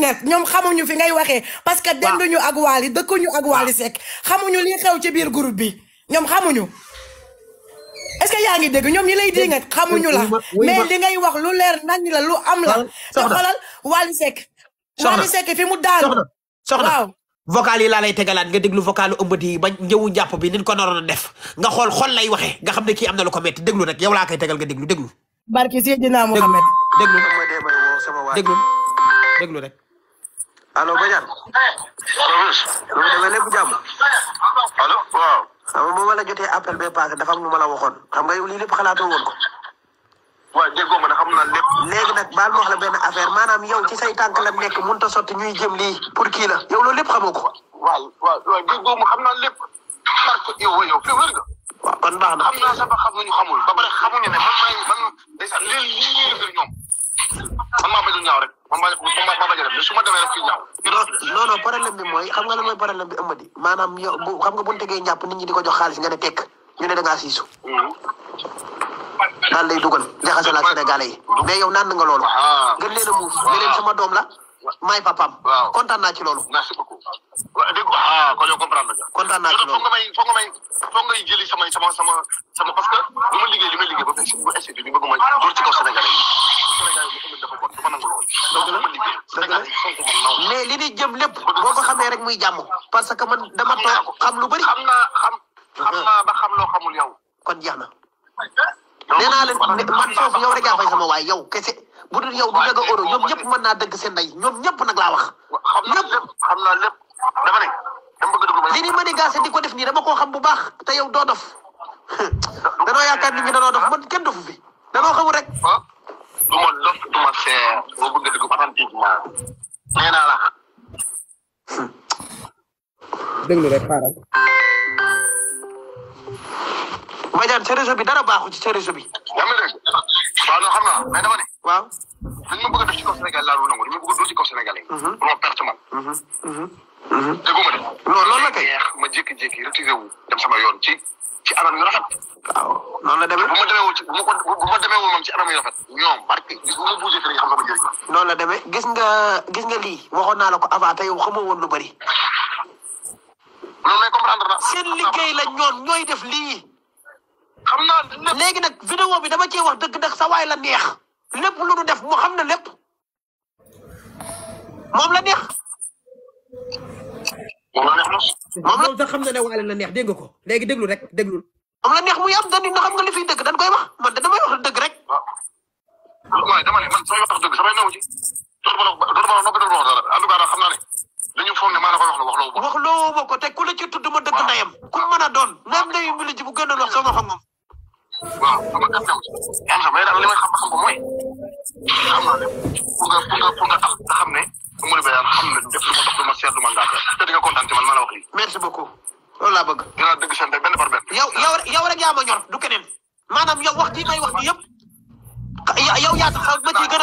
nga ñoom xamuñu fi ngay waxee parce que denduñu ak Wally dëkkuñu ak Wally Seck xamuñu li xew ci biir groupe bi ñoom xamuñu est-ce que ngi dégg ñoom ñi lay di nga xamuñu la mais li ngay wax lu leer nañ la lu am la te xoolal Wally Seck Wally Seck fi mu daanu waaw vocal yi laa lay tegalaat nga déglu vocalu ëmbët yi ba njëwu jàpp bi nin ko naroon a def nga xool xol lay waxee nga xam ne kii am na lu ko metti déglu nag yow laa koy tegal nga déglu déglu barki Seydina Muhammad déglu déglu déglu rek allo Badiane. loolu demee lépp jàmm. allo waaw. xam bu ma la jotee appel bee passé dafa am lu ma la xam nga yow lii lépp woon ko. waaw déggoo ma ne xam naa lépp. léegi nag baal ma wax affaire maanaam yow ci say tànk la nekk mënut a sotti ñuy jëm lii pour kii la yow loolu lépp xamoo ko. waaw xam naa lépp. baax na. a ñaaw a dem mais su non non problème bi mooy xam nga la mooy problème bi ëmmadi maanaam yow bu xam nga bu ñu tegee ñàpp nit ñi di ko jox xaalis nga ne tekk ñu ne da ngaa daal lay dugal a ak Sénégalais yi mais yow naan nga loolu. gën leen a muus ne leen sama doom la. maay papaam. waaw kontaan naa ci loolu. merci beaucoup. waaw dégg nga kontaan naa ci loolu foog sama sama sama jëm lépp boo ko xamee rek muy jàmm parce que man dama toog xam lu bëri. xam naa xam xam naa ba xam loo xamul yow. kon jeex na nee naa leen man foofu yow rek yaa fay sama waay yow kese bu dul yow du dëgg euro ñoom ñëpp mën naa dëgg seen ndey ñoom ñëpp nag laa wax. naa lépp xam naa lépp dama di ko def nii dama koo xam bu baax te yow doo dof danoo yaakaar nit ñi danoo dof man kenn dofu bi rek. Ah, déglu rek xaaral. Badiane sa réseau bi dara baaxu ci sa réseau bi. yaa ngi dégg waaw non xam naa mais dama ne. waaw. dañ ma bëgg a def ci kaw Sénégal laa nangu dañ ma bëgg a dóor ci kaw Sénégal yi. pour mhm. ma perte man. Mhm. Mhm. déggu ma de. non loolu la kay ma jékki-jékki retiré wu dem sama yoon ci. ci anam yu noonu la deme ci bu ma ko gis nga noonu la demee gis nga gis nga lii waxoon naa la ko avant te yow xamoo woon lu bari loolu lay comprendre seen liggéey la ñoom ñooy def lii. xam naa léegi nag vidéo bi dama cee wax dëgg dëgg sa waay la neex lépp lu nu def mu xam na lépp moom la neex. moom la sax xam na ne dégg ko léegi déglu rek déglul. moom la neex muy am dañuy xam nga li fiy dëgg dañ koy wax man de damay wax dëgg rek. waaw dama ne man samay wax dëgg samay néew ci. dootuma dootuma dootuma dootuma wax dara en tout cas daal xam naa ne dañu foog ne maa la ko loo wax ko te ku la ci tudd ma dëgg ndeyam. a doon même ndeyu mi bu gën a wax sama xam moom. waaw na solo mais daal xam-xam ko mooy xam ne. bu ma defee yàlla xam ne def lu ma dox lu ma seet lu ma ngàkk loolu ma ñor du ma ciy gën a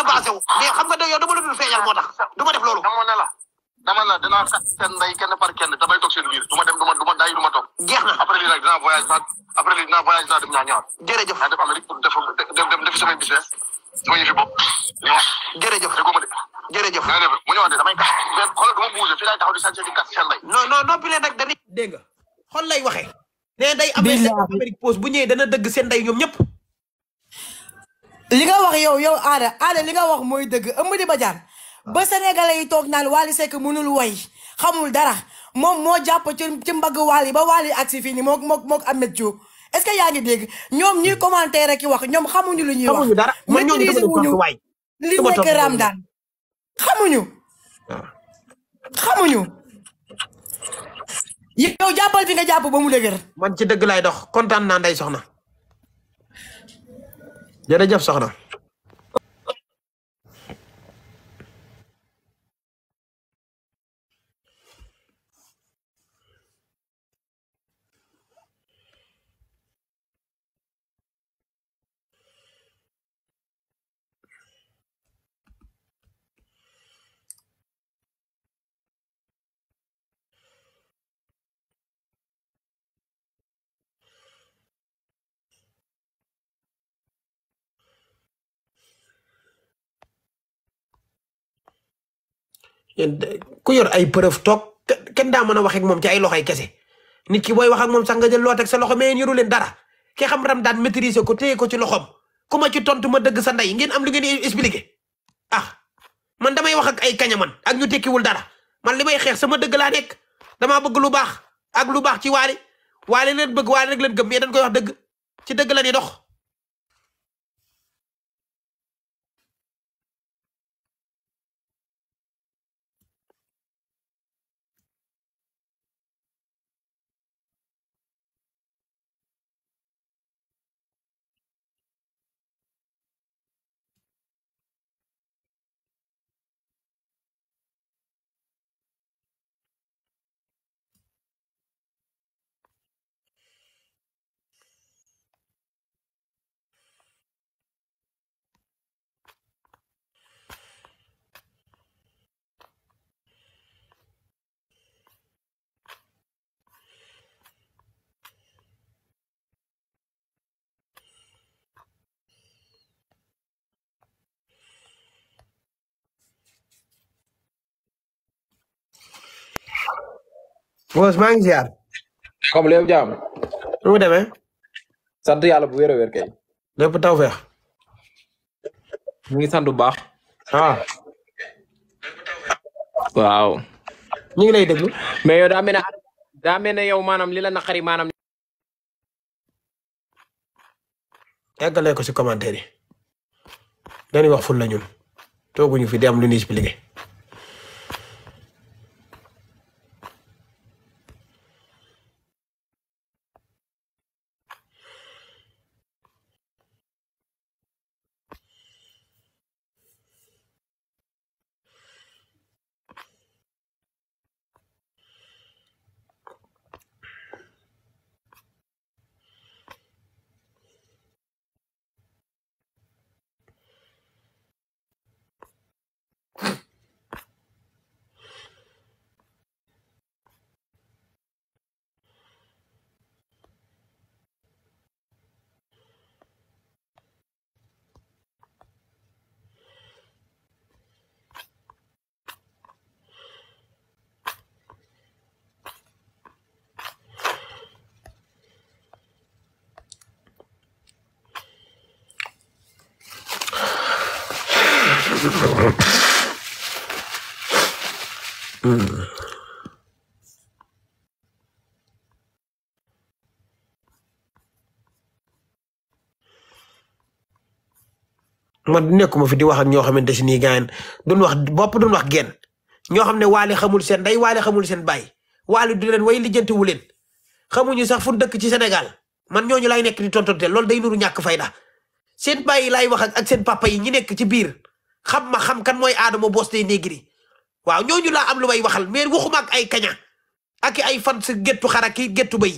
basé la dul feeñal moo tax du ma def loolu. dama ne la du ma dem du ma ma daay du ma toog. jeex na après lii nag dinaa voyage naat après ñaar ñaar. jërëjëf naa dem pour def dem jërëjëf mu ne damay tax xoolal dama bougé fii laay taxaw di sànq di kat seen lay. waxe non day amee seen Amérique pause bu ñëwee dana dëgg seen nday ñoom ñëpp. li nga wax yow yow aada aada li nga wax mooy dëgg Amady Badiane ba sénégalais yi toog naan Wally Seck mënul woy xamul dara moom moo jàpp ci ci mbagg Wally ba Wally agsi fii nii mook mook mook Ameth Diouf est-ce que yaa ngi dégg ñoom ñuy commenter rek wax ñoom xamuñu lu ñuy wax. xamuñu dara man ñoom li nekk Ramdan xamuñu xamuñu yow jàppal fi nga jàpp ba mu dëgër man ci dëgg lay dox kontaan naa ndey soxna jërëjëf soxna ku yor ay preuve toog kenn daa mën a wax moom ci ay loxoy kese nit ki booy wax ak moom sax nga jël loo teg sa loxo mais yéen leen dara ke xam ram daan maîtriser ko téye ko ci loxoom ku ma ci tontu ma dëgg sa ndey ngeen am lu ngeen expliqué ah man damay wax ak ay kañaman ak ñu tekkiwul dara man li may xeex sama dëgg laa nekk damaa bëgg lu baax ak lu baax ci waale waale leen bëgg waale rek leen gëm mais dañ koy wax dëgg ci dëgg la ni dox Boos maa ngi ziar. comme lépp jaam. nu mu demee. sant yàlla bu wér a wér kay. lépp tawfeex. ñu ngi sant bu baax. ah. waaw. ñu ngi lay déglu. mais yow daa mel daa mel ne yow maanaam li la naqari maanaam. eggalee ko si commentaire yi. dañuy wax ful la ñun tooguñu fi di am lu ñu expliqué. mm. man nekkuma fi di wax ak ñoo xamante si nii gaayen wax bopp duñ wax genn ñoo xam ne waale xamul seen day waale xamul seen baay waale du leen way lijjanti wu leen xamuñu sax fu dëkk ci senegal man ñooñu laay nekk di tontonte lool day nuru ñàkk fayda seen baay yi laay wax ak seen papa yi ñi nekk ci biir xam ma xam kan mooy Adamo Boss de Negri waaw ñooñu laa am lu may waxal mais waxuma ay kaña ak ay fan si gettu xara ki gettu bay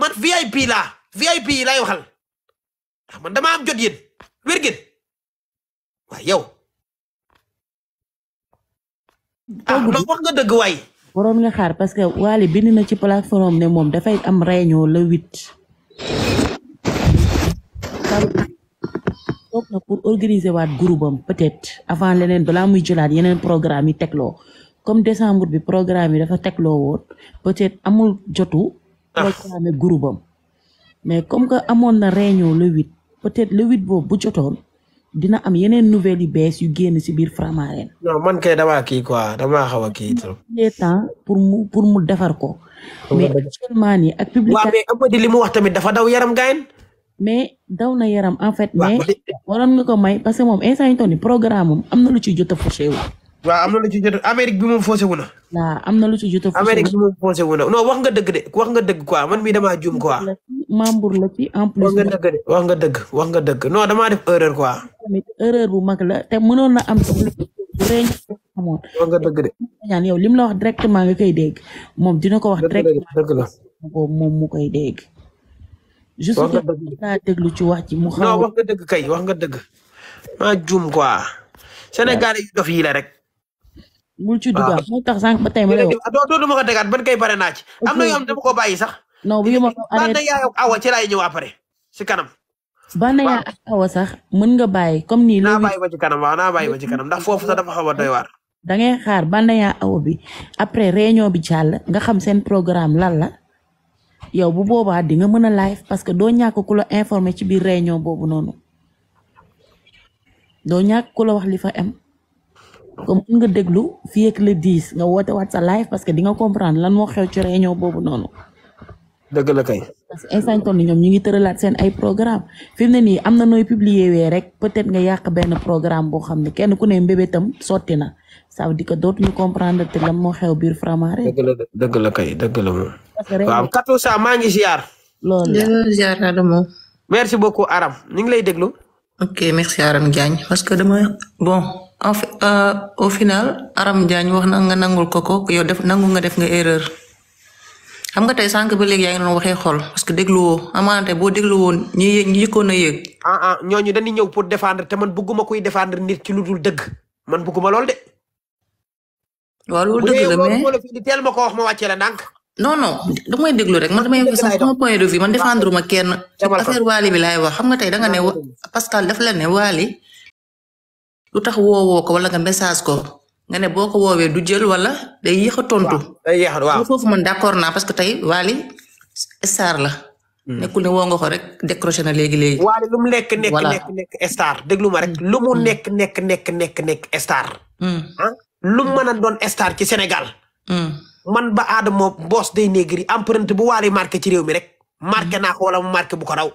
man VIP laa VIP yi waxal ah, man dama am jot yéen wér ngeen yow. ah non wax nga dëgg way waroon nga xaar parce que Wally bind na ci plateforme ne moom dafay am réunion le huit. toog na pour organiser waat groupe am peut-être avant leneen balaa muy jëlaat yeneen programme yi tegloo comme décembre bi programme yi dafa tegloo woon peut-être amul jotu ah. programme groupe am mais comme que amoon na réunion le huit peut-être le huit boobu bu jotoon dina am yeneen nouvelles yu bees yu génn si biir Faramareen. non man kay damaa kii quoi damaa xaw a kii trop. temps pour mu pour mu defar ko. mais actuellement nii ak. publicité waaw mais Amady li mu wax tamit dafa daw yaram gaayen mais daw na yaram en fait. mais waroon nga ko may parce que moom instant yu toll nii programme am am na lu ci jot a fauché wu. waaw am na lu ci jot bi moom faussé wu na. am na lu ci jot a. faussé wu Amérique wax nga dëgg de wax nga dëgg quoi man mi damaa juum quoi. membre la ci en plus. wax nga dëgg de wax nga dëgg wax nga dëgg non damaa def erreur quoi. tamit bu mag la te mënoon na am tamit réew mi wax nga dëgg de. yow li mu la wax directement nga koy dégg moom dina ko wax. dëgg la dëgg la directement moom mu koy dégg. je suis naa déglu ci wax ci mu xaw wax nga dëgg kay wax nga dëgg maa juum quoi Sénégal yu dof yi rek. bul ci dugaat ah. mu tax sànq ba tey ma lay ah, wax. doo ban kay pare naa ci. am na yoo xam dama ko bàyyi sax. non bu ma ko arrêté bànn yaa awa ci laay si kanam. bànn yaa ak awa sax mën nga bàyyi comme nii. naa bàyyi ba ci kanam waaw naa bàyyi ba ci kanam ndax foofu sax dafa xaw a doy waar. da xaar bànn yaa awa bi après réunion bi jàll nga xam seen programme lan la. yow bu boobaa di nga mën a live parce que doo ñàkk ku la informé ci biir réunion boobu noonu doo ñàkk ku la wax li fa am comme mën nga déglu fii le 10 nga woote waat sa live parce que di nga comprendre lan moo xew ci boobu noonu. dëgg la kay. parce que instant toll ñoom ñu ngi tëralaat seen ay programme fi mu ne nii am na nooy publier wee rek peut-être nga yàq benn programme boo xam ne kenn ku ne mbébétam sotti na ça veut dire que dootuñu comprendre te lan moo xew biir Framare. dëgg la dëgg la kay dëgg la waaw Katou Sa maa ngi ziar. loolu ziar Adamo. merci beaucoup Aram ñu ngi lay déglu. ok merci Aram Diagne parce que dama bon en fait euh, au final Aram jaañ wax na nga nangul ko ko nangu nga def nga erreur. xam nga tey sànq ba léegi yaa ngi waxee xool parce que dégluwoo amaante boo dégluwoon ñi ñi yëkkoon a yëg. Ah, ah ñooñu dañuy ñëw pour défendre te man bëgguma kuy défendre nit ci lu dul dëgg man bëgguma lool de. waaw loolu dëgg la mais teel ma ko wax ma wàccee la non non damay déglu rek man damay wax sama point de vue ma kenn affaire Wally bi laay wax xam nga tey danga ne Pascal daf la ne Wally lu tax woowoo ko wala nga message ko nga ne boo ko woowee du jël wala day yéex a tontu. day yéex foofu man d'accord naa parce que tey Wally star la. Hmm. nekkul ne woo nga ko rek décroché na léegi léegi. Wally nekk nekk nekk star déglu ma rek. Hmm. lu nekk hmm. nekk nekk nekk nekk star. Ah, lu mën a doon star ci Sénégal. man ba aadama mboos day néegri empreinte bu waale marqué ci réew mi rek marqué naa ko wala mu marqué bu ko raw.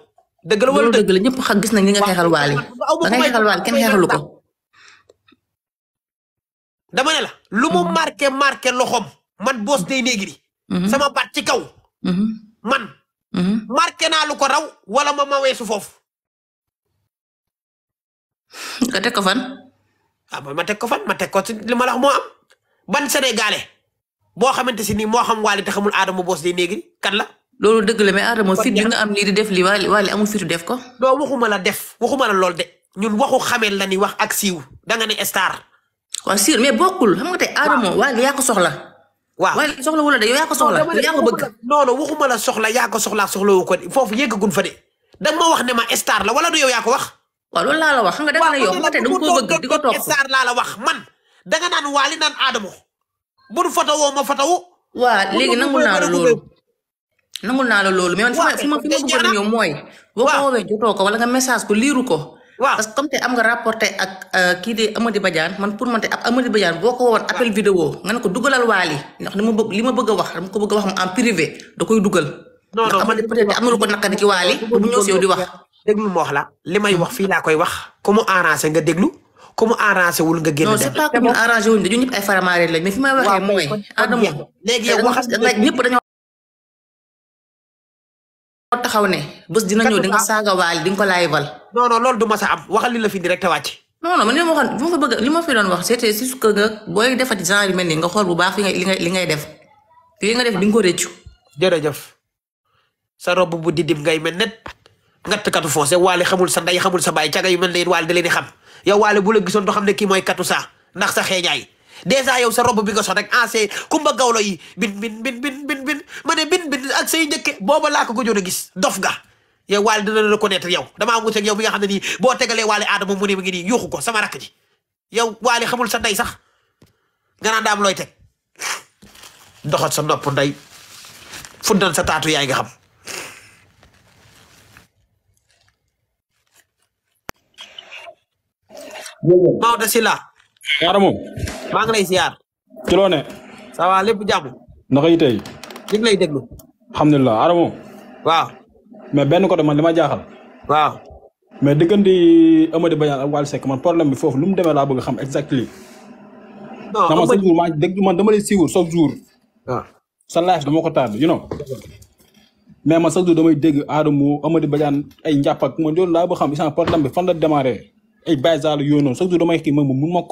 dëgg la wala dëgg la ñëpp xam gis nañ li nga xeexal waale. ba ngay xeexal waale kenn xeexalu ne la lu mu mhm. marqué marqué loxoom man boos day néegri. Mhm. sama ci kaw. Mhm. man. marqué naa ko raw wala ma ma weesu foofu. nga teg ko fan. ah ma teg ko fan ma teg ko ci li ma la moo am ban sénégalais. boo xamante si nii moo xam waale te xamul aadama boos day néegri kan la. loolu dëgg la mais aadama fit bi nga am nii def li waale waale amul fitu def ko. non waxuma la def lool de ñun waxu xamee la ni wax ak siiw da nga ne star. waaw sûr mais bokkul xam nga tey aadama waale yaa ko soxla. waaw waale soxla wala de yow yaa ko soxla. yaa ko bëgg non non waxuma yaa ko soxlaa soxla wu ko foofu yëggagun fa de da wax ne ma star la wala du yow yaa wax. waaw loolu laa la wax xam nga da yow xam nga tey da nga wax man da nga naan waali naan aadama bul fatawoo ma fatawu. waaw léegi nangu naa la loolu. nangu naa la loolu mais man fi ma fi ma bëggoon a ñëw mooy. boo ko woowee jotoo wala nga message ko liiru ko. waa parce que comme te am nga rapporté ak euh, kii de Amady Badiane man pour man te ab Amady Badiane boo ko woon appel vidéo nga ne ko dugalal waali ndax li ma bëgg li ma bëgg a wax dama ko bëgg a wax en privé da koy dugal. non non Amady am na lu ko naqari ci waali bu ñëw si yow di wax. déglu ma wax la li may wax fii laa koy wax. ku mu nga déglu comme mu arrangé wul nga génn. non c'est pas que mu arrangé wul ñun ñëpp ay faramaare lañ mais fi may waxee mooy. Adama léegi yow wax taxaw ne bés dina ñëw di nga saaga waal di nga ko laay bal. non lool loolu du ma sa am waxal li la fi direct wàcc. non non man li ma waxoon bu ma fa bëgg li ma fi doon wax c'était juste que nga booy defati genre yu mel nii nga xool bu baax fi nga li ngay def li nga def di nga ko rëccu. jërëjëf sa robe bu didim ngay mel net. ngattkatu foncé waale xamul sa nday xamul sa baay caga yu mel ne waale da leen di xam yow waale bu la gisoon doo xam ne kii mooy saa ndax sa xeeñaay dèjà yow sa robe bi nga sol rek ancé ah, kumba gawlo yi bin bin bin bin bin bin ma ne bin ak say njëkke booba laa ko gëjoon a gis dof ga yow waale dina la reconnaître yow damaa wut yow bi nga xam ne nii boo tegalee waale aadama mu ne mi ko sama rakk yow waale xamul sa nday sax nga naan looy teg doxat sa nopp nday fuddan sa taatu yaay nga xam Maodo Sylla. yaara moom. maa ngi lay ziar. ci loo ne. ça va lépp jàmm. naka alhamdulilah yaara moom. waaw. mais benn côté man li ma jaaxal. waaw. mais diggante Amady Badiane ak Wally Seck man problème bi foofu lu mu demee laa bëgg xam exactement. non dama chaque jour maa dégg man dama lay siiwul chaque jour. waaw ah. sa live dama ko tardé you know. mais man chaque jour damay dégg Adamo Amady Badiane ay njàpp ak man loolu laa xam instant problème bi fan la démarré. ay Baye Zale yooyu noonu chaque jour damay kii moom mun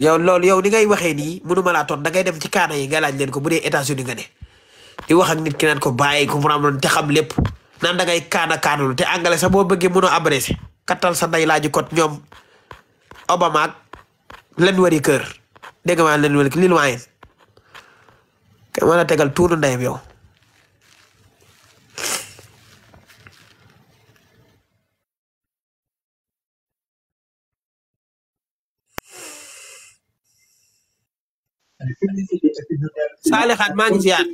yow loolu yow ni ngay waxee nii mënuma laa toon da dem ci kaana yi nga laaj leen ko bu dee états nga de i wax ak nit ki naan ko bàyyi comprendre te xam lépp naan da ngay kaana kaanalu te anglais sax boo bëggee mënoo abrégé kattal sa nday laaji kot ñoom Obama ak len wari kër dégg nga maa len wari li lu ma la tegal tuuru ndeyam yow. Saalixaat maa ngi ziar.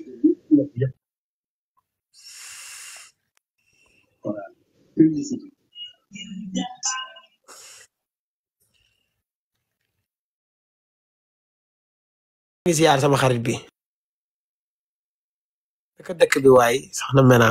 maa ngi ziar sama xarit bi. dëkk dëkk bi waay soxna Mena.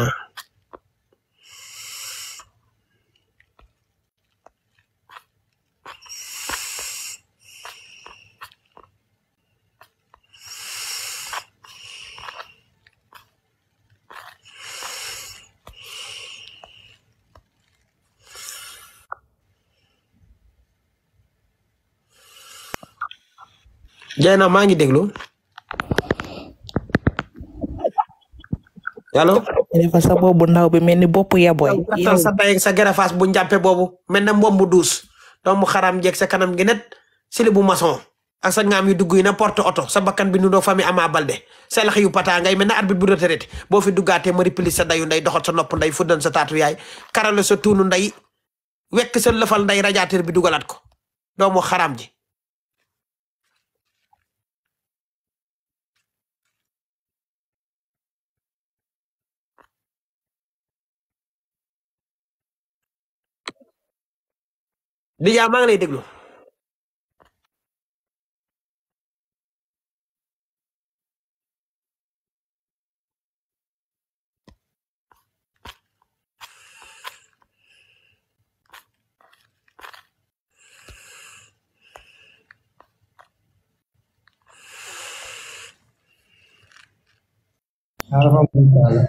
Dieyna maa ngi déglu allo. dafa sa boobu ndaw bi mel ni bopp yaboy. sa bay sa garafaas bu njàppe boobu mel na mboom bu duus doomu xaram jeeg sa kanam gi net sili bu maçon ak sa ngaam yu dugg yi na porte oto sa bakkan bi nu doo famille Ama Balde sa lax yu pataa ngay mel na arbitre bu retraité boo fi duggaatee ma ripli sa dayu nday doxat sa nopp nday fuddan sa taatu yaay karale sa tuunu nday wekk sa lëfal nday radiateur bi dugalaat ko doomu xaram ji. déjà maa ngi lay déglu. alhamdulilah.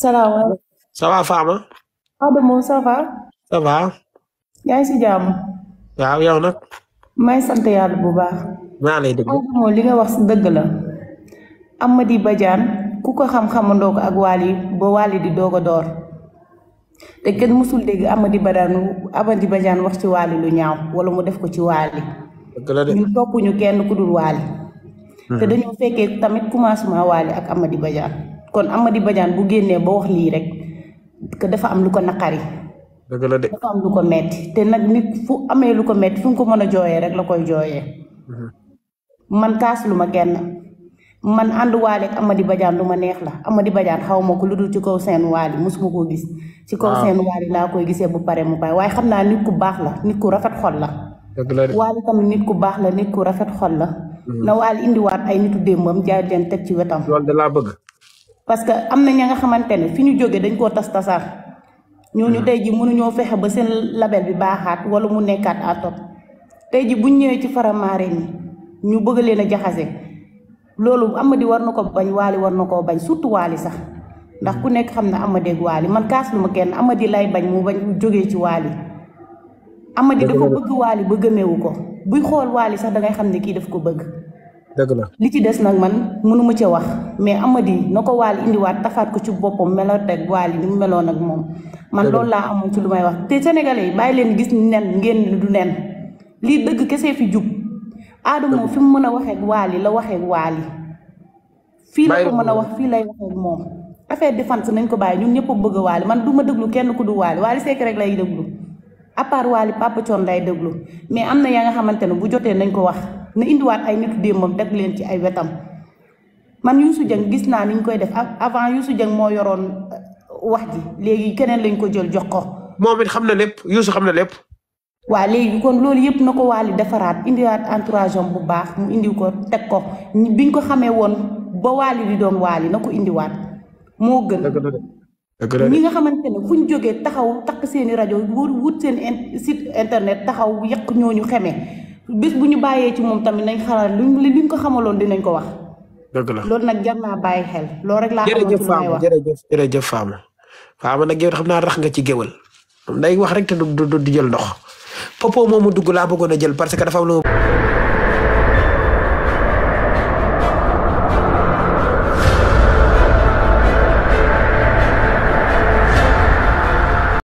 salaamaaleykum. ça va Fama. Adamo ça va. ça va. yaa ngi si waaw yow nag. may sant yàlla bu baax. maa lay dégg moom li nga wax ndëgg la. Amady Badiane ku ko xam-xamandoo ko ak Wally ba Wally di doog a door te kenn mësul dégg Amady di Amady Badiane wax ci Wally lu ñaaw wala mu def ko ci Wally. ñu topp ñu kenn ku dul Wally. Hmm. te dañoo fekkee tamit commencement Wally ak Amady Badiane kon Amady bajaan bu génnee ba wax lii rek que dafa am lu ko naqari. dëgg la de dafa am ko metti te nag nit fu amee lu ko metti fu ko mën a jooyee rek la koy jooyee. Mhm. man kaas lu ma kenn man ànduwaale ak Amady Badiane lu ma neex la Amady Badiane xaw ma ko lu dul ci kaw seen waali mosuma koo gis. ci kaw seen waali laa koy gisee bu pare mu pare waaye xam naa nit ku baax la nit ku rafet xol la. dëgg la de waali nit ku baax la nit ku rafet xol la. Mhm. na waali indiwaat ay nitu démbam jaay leen teg ci wetam. loolu de laa bëgg. parce que am na ña nga xamante ne fi ñu jógee dañ koo tas tasaar. ñooñu mm-hmm. tey ji mënuñoo fexe ba seen label bi baaxaat wala mu nekkaat à top tey ji buñ ñëwee ci Faramareen yi ñu bëgg leen jaxase loolu Amady war na ko bañ Waly war na koo bañ surtout Waly sax ndax ku nekk xam na Amady ak Waly man kaas lu ma kenn Amady lay bañ mu bañ jógee ci Waly Amady dafa bëgg Waly ba gëmeewu ko buy xool Waly sax dangay xam ne kii daf ko bëgg dëgg la li ci des nag man mënuma ca wax mais amadi na ko waal indiwaat tafaat ko ci boppam melooteeg waal yi ni mu meloon ak moom. man loolu laa amoon ci lu may wax te sénégalais yi bàyyi leen gis nen ngeen du nen lii dëgg kese fi jub. aadama fi mu mën a waxeeg waal yi la waxeeg waal yi. fii la ko mën a wax fii lay waxeeg moom. affaire défense nañ ko bàyyi ñun ñëpp a bëgg a waali man du ma déglu kenn ku du waali waali sekk rek lay déglu. à part Wally lay déglu mais am na yaa nga xamante ne bu jotee nañ ko wax na indiwaat ay nitu démbam teg leen ci ay wetam man Youssou Dieng gis naa ni ñu koy def avant Youssou Dieng moo yoroon euh, wax ji léegi keneen lañ ko jël jox ko. moom it xam na lépp Youssou xam na lépp. waa léegi kon loolu yëpp na ko Wally defaraat indiwaat entourage bu baax mu indi ko teg ko biñ ko xamee woon ba Wally di doon Wally na ko indiwaat moo gën. li nga xamante ne fu ñu jógee taxaw takk seeni rajo wóor wut seen site internet taxaw yàq ñooñu xeme bés bu ñu bàyyee ci moom tamit nañ xalaat luñ luñ ko xamaloon dinañ ko wax. dëgg la loolu nag jar naa bàyyi xel loolu rek laa xamante ne may wax jërëjëf jërëjëf Fama Fama nag yow rax nga ci géwal day wax rek te du du jël ndox popo moomu dugg laa bëggoon a jël parce que dafa am lu